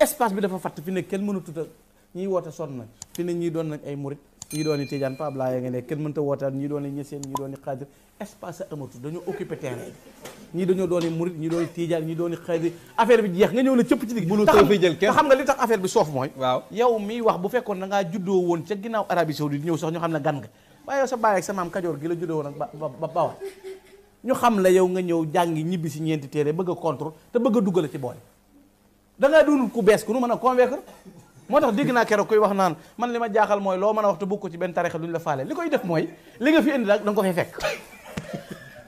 espace bi dafa fat fi ne kenn mënu tutal ñi wota son nañ fi ne ñi doon nak ay mourid ñi doon ni Tidiane abla ya nga ne kenn mënta wota ñi doon ni ñeseen ñi doon ni khadir espace amatu dañu occuper terrain ñi dañu doon ni murit ñi doon ni Tidiane ñi doon ni khadir affaire bi jeex nga ñew na cëpp ci jël kenn xam nga li tax affaire bi sof moy waaw yow mi wax bu fekkon da nga juddo won ci ginaaw Arabie Saoudite ñew sax ñu xam na gan nga ba yow sa baay ak sa mam kadior gi la juddo won ak ba ba ñu xam la yow nga ñew jangi ñibisi ñenti téré bëgg contrôle te bëgg duggal ci boole da ngaa ku bees ku nu mën a convaincre moo tax dégg naa keroog koy wax naan man li ma jaaxal mooy loo mën a wax te bokk ko ci benn tarixa duñ la faale li koy def mooy li nga fi indi nag da nga ko fay fekk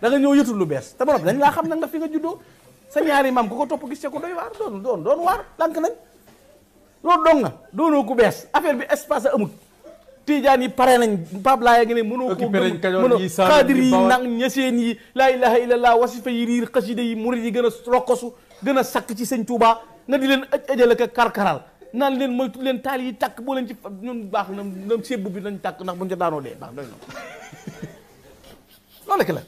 ñëw yëtul lu bees te borom dañ laa xam nag nga fi nga juddoo sa ñaari maam ku ko topp gis ca ko doy waar doon doon doon waar lànk nañ loolu dong nga doonoo ku bees affaire bi espace amut tijaan yi pare nañ Pape Laye ngi ne mënoo koo gëm mënoo xaadir yi nag ñaseen yi laa ilaha illallah wasifa yi riir xasida yi yi gën a rokkosu gën a sakk ci sëñ Tuubaa na di leen aj ajal ak karkaral naan leen moytu leen taal yi takk boo leen ci ñun baax na ñoom sébbu bi nañ tàkk ndax buñ ca daanoo dee baax doy na loolu rek la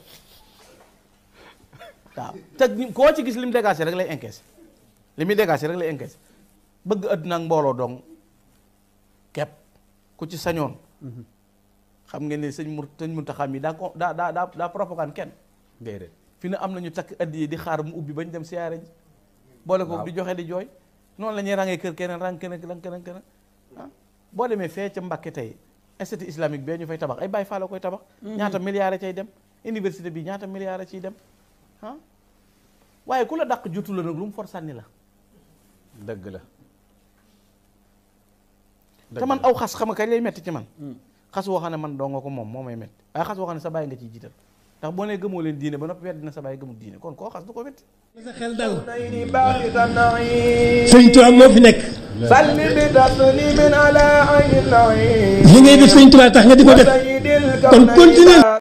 waaw te koo ci gis li mu dégagé rek lay encaissé li muy dégagé rek lay encaissé bëgg àddina mbooloo dong képp ku ci sañoon xam ngeen ne sëñ mur sëñ Muntaxa mi daa ko daa daa daa daa kenn fi na am nañu takk addi yi di xaar mu ubbi bañ dem siyaare ji boole ko di joxe di jooy noonu la ñuy ràngee kër keneen ràng keneen keneen keneen ah boo demee fee ca Mbakke tey institut islamique bee ñu fay tabax ay Baay Faal koy tabax mhm. ñaata milliards a cay dem université bi ñaata milliards a ciy dem ah. waaye ku la daq jotu la nag lu for sànni la dëgg la te man aw xas xam nga kañ lay metti ci man hmm. xas woo xam ne man doo nga ko moom moo may metti waaye xas woo xam ne sa bàyyi nga ciy jiital ndax bo nee gëmo leen diine ba noppi wedd na sa baye gëmu diine kon ko xass du ko wedd sa xel dal sëñ Tuubaa moo fi nekk li ngay def sëñ Tuubaa tax nga di def kon continue